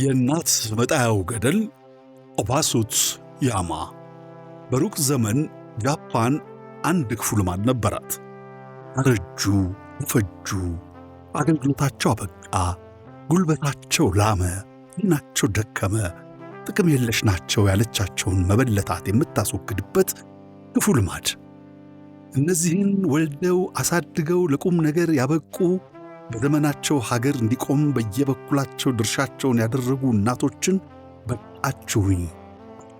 የእናት መጣያው ገደል ኦባሱት ያማ በሩቅ ዘመን ጃፓን አንድ ክፉ ልማድ ነበራት። አረጁ፣ ፈጁ አገልግሎታቸው አበቃ፣ ጉልበታቸው ላመ፣ እናቸው ደከመ፣ ጥቅም የለሽ ናቸው ያለቻቸውን መበለታት የምታስወግድበት ክፉ ልማድ። እነዚህን ወልደው አሳድገው ለቁም ነገር ያበቁ በዘመናቸው ሀገር እንዲቆም በየበኩላቸው ድርሻቸውን ያደረጉ እናቶችን በቃችሁኝ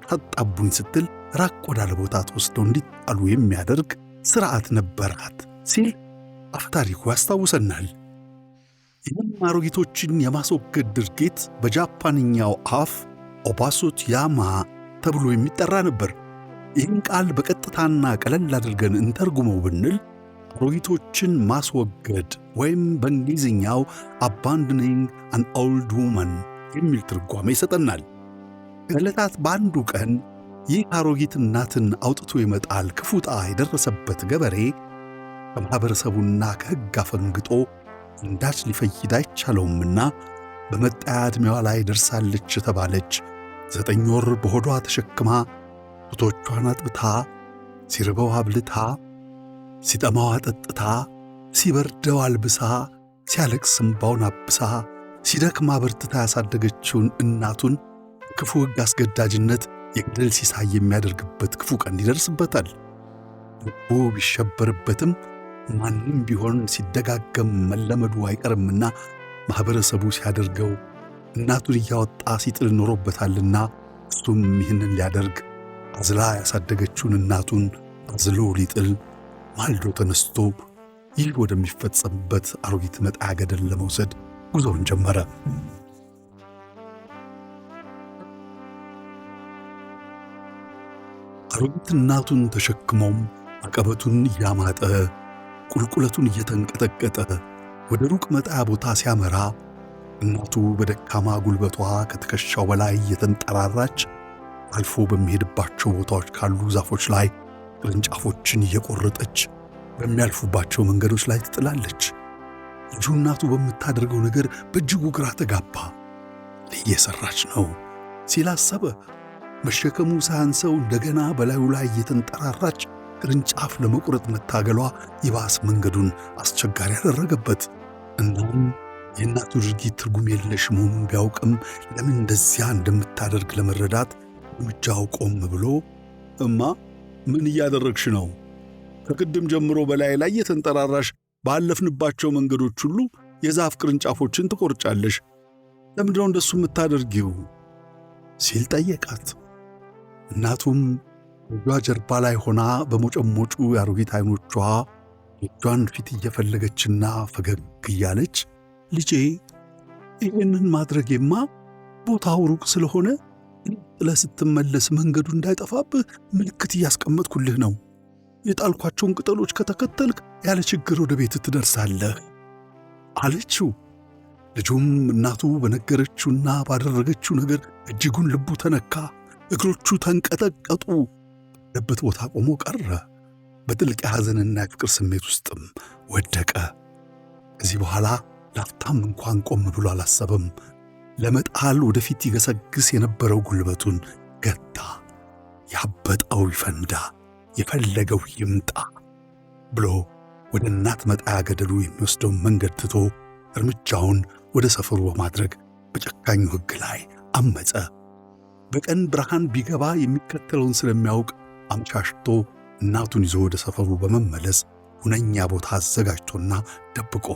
ታጣቡኝ ስትል ራቅ ወዳለ ቦታ ተወስደው እንዲጣሉ የሚያደርግ ሥርዓት ነበራት ሲል አፈታሪኩ ያስታውሰናል። ይህም አሮጊቶችን የማስወገድ ድርጊት በጃፓንኛው አፍ ኦባሱት ያማ ተብሎ የሚጠራ ነበር። ይህን ቃል በቀጥታና ቀለል አድርገን እንተርጉመው ብንል አሮጊቶችን ማስወገድ ወይም በእንግሊዝኛው አባንድኒንግ አን ኦልድ ውመን የሚል ትርጓሜ ይሰጠናል። ከዕለታት በአንዱ ቀን ይህ አሮጊት እናትን አውጥቶ ይመጣል ክፉ የደረሰበት ገበሬ ከማኅበረሰቡና ከሕግ አፈንግጦ እንዳች ሊፈይድ አይቻለውምና በመጣያ ዕድሜዋ ላይ ደርሳለች የተባለች ዘጠኝ ወር በሆዷ ተሸክማ ጡቶቿን አጥብታ ሲርበው አብልታ ሲጠማው አጠጥታ፣ ሲበርደው አልብሳ፣ ሲያለቅስ እምባውን አብሳ፣ ሲደክማ በርትታ ያሳደገችውን እናቱን ክፉ ሕግ አስገዳጅነት የገደል ሲሳይ የሚያደርግበት ክፉ ቀን ይደርስበታል። ልቡ ቢሸበርበትም ማንም ቢሆን ሲደጋገም መለመዱ አይቀርምና ማኅበረሰቡ ሲያደርገው እናቱን እያወጣ ሲጥል ኖሮበታልና እሱም ይህንን ሊያደርግ አዝላ ያሳደገችውን እናቱን አዝሎ ሊጥል ማልዶ ተነስቶ ይህ ወደሚፈጸምበት አሮጊት መጣያ ገደል ለመውሰድ ጉዞውን ጀመረ። አሮጊት እናቱን ተሸክሞም አቀበቱን እያማጠ ቁልቁለቱን እየተንቀጠቀጠ ወደ ሩቅ መጣያ ቦታ ሲያመራ እናቱ በደካማ ጉልበቷ ከትከሻው በላይ እየተንጠራራች አልፎ በሚሄድባቸው ቦታዎች ካሉ ዛፎች ላይ ቅርንጫፎችን እየቆረጠች በሚያልፉባቸው መንገዶች ላይ ትጥላለች። ልጁ እናቱ በምታደርገው ነገር በእጅጉ ግራ ተጋባ። እየሰራች ነው ሲል አሰበ። መሸከሙ ሳያንሰው እንደገና በላዩ ላይ እየተንጠራራች ቅርንጫፍ ለመቁረጥ መታገሏ ይባስ መንገዱን አስቸጋሪ ያደረገበት። እናም የእናቱ ድርጊት ትርጉም የለሽ መሆኑን ቢያውቅም ለምን እንደዚያ እንደምታደርግ ለመረዳት እርምጃው ቆም ብሎ እማ ምን እያደረግሽ ነው? ከቅድም ጀምሮ በላይ ላይ የተንጠራራሽ ባለፍንባቸው መንገዶች ሁሉ የዛፍ ቅርንጫፎችን ትቆርጫለሽ። ለምንድነው እንደሱ የምታደርጊው? ሲል ጠየቃት። እናቱም እጇ ጀርባ ላይ ሆና በሞጨሞጩ የአሮጊት አይኖቿ የእጇን ፊት እየፈለገችና ፈገግ እያለች ልጄ፣ ይህንን ማድረጌማ ቦታው ሩቅ ስለሆነ ጥለህ ስትመለስ መንገዱ እንዳይጠፋብህ ምልክት እያስቀመጥኩልህ ነው። የጣልኳቸውን ቅጠሎች ከተከተልክ ያለ ችግር ወደ ቤት ትደርሳለህ አለችው። ልጁም እናቱ በነገረችውና ባደረገችው ነገር እጅጉን ልቡ ተነካ። እግሮቹ ተንቀጠቀጡ። ያለበት ቦታ ቆሞ ቀረ። በጥልቅ የሐዘንና የፍቅር ስሜት ውስጥም ወደቀ። ከዚህ በኋላ ላፍታም እንኳን ቆም ብሎ አላሰበም። ለመጣል ወደፊት ይገሰግስ የነበረው ጉልበቱን ገታ። ያበጠው ይፈንዳ፣ የፈለገው ይምጣ ብሎ ወደ እናት መጣያ ገደሉ የሚወስደውን መንገድ ትቶ እርምጃውን ወደ ሰፈሩ በማድረግ በጨካኙ ሕግ ላይ አመፀ። በቀን ብርሃን ቢገባ የሚከተለውን ስለሚያውቅ አመሻሽቶ እናቱን ይዞ ወደ ሰፈሩ በመመለስ ሁነኛ ቦታ አዘጋጅቶና ደብቆ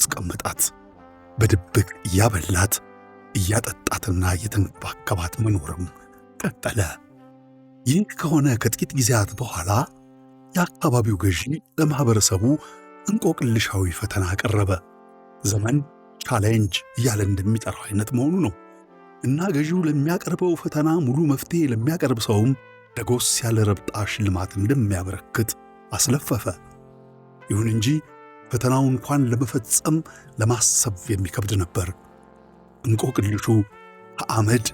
አስቀመጣት። በድብቅ እያበላት እያጠጣትና እየተንከባከባት መኖርም ቀጠለ። ይህ ከሆነ ከጥቂት ጊዜያት በኋላ የአካባቢው ገዢ ለማኅበረሰቡ እንቆቅልሻዊ ፈተና ቀረበ። ዘመን ቻሌንጅ እያለ እንደሚጠራው አይነት መሆኑ ነው እና ገዢው ለሚያቀርበው ፈተና ሙሉ መፍትሄ ለሚያቀርብ ሰውም ደጎስ ያለ ረብጣ ሽልማት እንደሚያበረክት አስለፈፈ። ይሁን እንጂ ፈተናው እንኳን ለመፈጸም ለማሰብ የሚከብድ ነበር። እንቆቅልሹ ከአመድ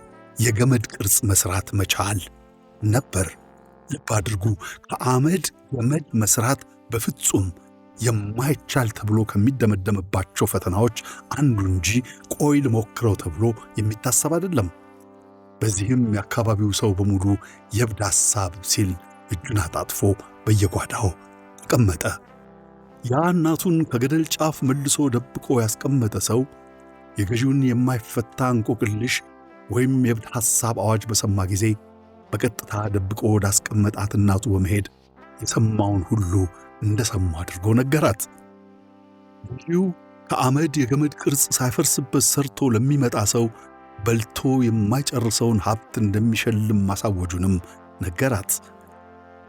የገመድ ቅርጽ መስራት መቻል ነበር። ልብ አድርጉ፣ ከአመድ ገመድ መስራት በፍጹም የማይቻል ተብሎ ከሚደመደምባቸው ፈተናዎች አንዱ እንጂ ቆይ ልሞክረው ተብሎ የሚታሰብ አይደለም። በዚህም የአካባቢው ሰው በሙሉ የእብድ ሐሳብ ሲል እጁን አጣጥፎ በየጓዳው ተቀመጠ። ያ እናቱን ከገደል ጫፍ መልሶ ደብቆ ያስቀመጠ ሰው የገዢውን የማይፈታ እንቆቅልሽ ወይም የብድ ሐሳብ አዋጅ በሰማ ጊዜ በቀጥታ ደብቆ ወዳስቀመጣት እናቱ በመሄድ የሰማውን ሁሉ እንደ ሰማ አድርጎ ነገራት። ገዢው ከአመድ የገመድ ቅርጽ ሳይፈርስበት ሰርቶ ለሚመጣ ሰው በልቶ የማይጨርሰውን ሀብት እንደሚሸልም ማሳወጁንም ነገራት።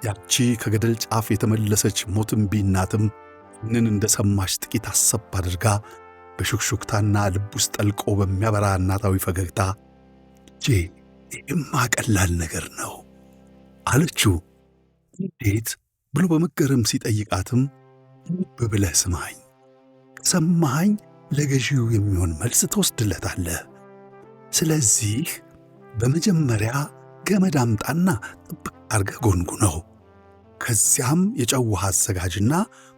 ያቺ ከገደል ጫፍ የተመለሰች ሞትም ቢናትም ይህንን እንደ ሰማች ጥቂት አሰብ አድርጋ በሹክሹክታና ልብ ውስጥ ጠልቆ በሚያበራ እናታዊ ፈገግታ እጄ ይህማ ቀላል ነገር ነው አለችው። እንዴት ብሎ በመገረም ሲጠይቃትም ብብለህ ስማኝ፣ ከሰማኸኝ ለገዢው የሚሆን መልስ ትወስድለታለህ። ስለዚህ በመጀመሪያ ገመድ አምጣና ጥብቅ አርገ ጎንጉ ነው። ከዚያም የጨው ውሃ አዘጋጅና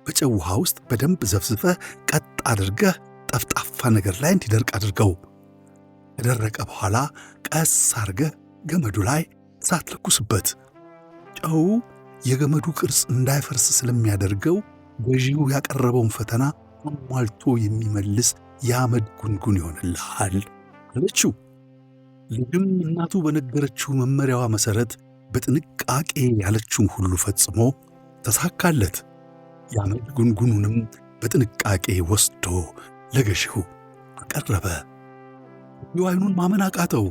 በጨው ውሃ ውስጥ በደንብ ዘፍዝፈህ ቀጥ አድርገህ ጠፍጣፋ ነገር ላይ እንዲደርቅ አድርገው። ከደረቀ በኋላ ቀስ አርገህ ገመዱ ላይ እሳት ለኩስበት። ጨው የገመዱ ቅርጽ እንዳይፈርስ ስለሚያደርገው ገዢው ያቀረበውን ፈተና አሟልቶ የሚመልስ የአመድ ጉንጉን ይሆንልሃል አለችው። ልጅም እናቱ በነገረችው መመሪያዋ መሠረት በጥንቃቄ ያለችውን ሁሉ ፈጽሞ ተሳካለት። የአመድ ጉንጉኑንም በጥንቃቄ ወስዶ ለገዢው አቀረበ። የዋይኑን ማመን አቃተው።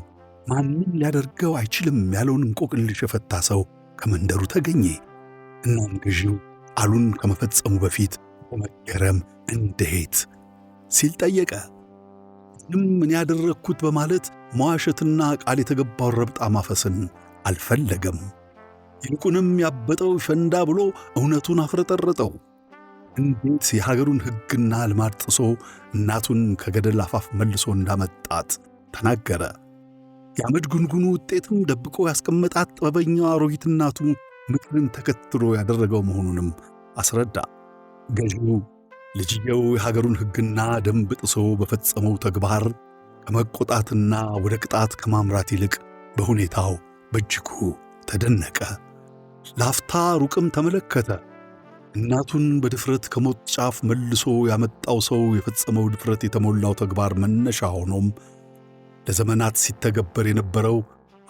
ማንም ሊያደርገው አይችልም ያለውን እንቆቅልሽ የፈታ ሰው ከመንደሩ ተገኘ። እናም ገዢው አሉን ከመፈጸሙ በፊት በመገረም እንዴት ሲል ጠየቀ። ምንም እኔ ያደረግኩት በማለት መዋሸትና ቃል የተገባውን ረብጣ ማፈስን አልፈለገም። ይልቁንም ያበጠው ሸንዳ ብሎ እውነቱን አፍረጠረጠው። እንዴት የሀገሩን ሕግና ልማድ ጥሶ እናቱን ከገደል አፋፍ መልሶ እንዳመጣት ተናገረ። የአመድ ጉንጉኑ ውጤትም ደብቆ ያስቀመጣት ጥበበኛው አሮጊት እናቱ ምክርን ተከትሎ ያደረገው መሆኑንም አስረዳ። ገዢው ልጅየው የሀገሩን ሕግና ደንብ ጥሶ በፈጸመው ተግባር ከመቆጣትና ወደ ቅጣት ከማምራት ይልቅ በሁኔታው በእጅጉ ተደነቀ። ላፍታ ሩቅም ተመለከተ። እናቱን በድፍረት ከሞት ጫፍ መልሶ ያመጣው ሰው የፈጸመው ድፍረት የተሞላው ተግባር መነሻ ሆኖም ለዘመናት ሲተገበር የነበረው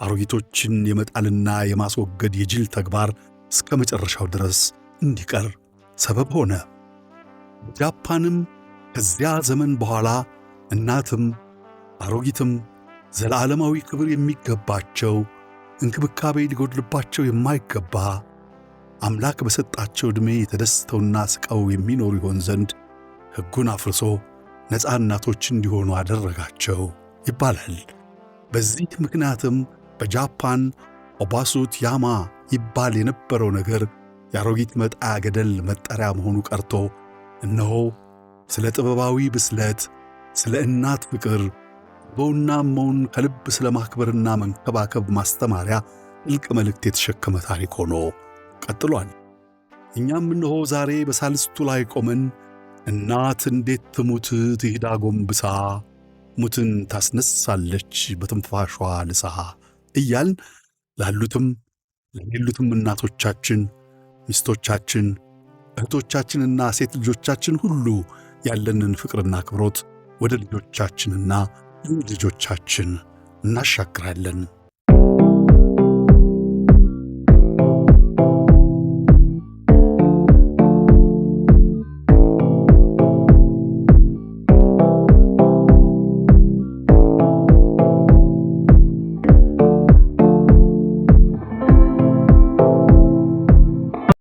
አሮጊቶችን የመጣልና የማስወገድ የጅል ተግባር እስከ መጨረሻው ድረስ እንዲቀር ሰበብ ሆነ። ጃፓንም ከዚያ ዘመን በኋላ እናትም አሮጊትም ዘለዓለማዊ ክብር የሚገባቸው እንክብካቤ ሊጎድልባቸው የማይገባ አምላክ በሰጣቸው ዕድሜ የተደስተውና ስቀው የሚኖሩ ይሆን ዘንድ ሕጉን አፍርሶ ነፃ እናቶች እንዲሆኑ አደረጋቸው ይባላል። በዚህ ምክንያትም በጃፓን ኦባሱት ያማ ይባል የነበረው ነገር የአሮጊት መጣያ ገደል መጠሪያ መሆኑ ቀርቶ እነሆ ስለ ጥበባዊ ብስለት፣ ስለ እናት ፍቅር፣ በውና መውን ከልብ ስለ ማክበርና መንከባከብ ማስተማሪያ ጥልቅ መልእክት የተሸከመ ታሪክ ሆኖ ቀጥሏል። እኛም እነሆ ዛሬ በሳልስቱ ላይ ቆመን እናት እንዴት ትሙት ትሂዳ ጎንብሳ ሙትን ታስነሳለች በትንፋሿ ልሳ እያልን ላሉትም ለሌሉትም እናቶቻችን፣ ሚስቶቻችን፣ እህቶቻችንና ሴት ልጆቻችን ሁሉ ያለንን ፍቅርና አክብሮት ወደ ልጆቻችንና ልጆቻችን እናሻግራለን።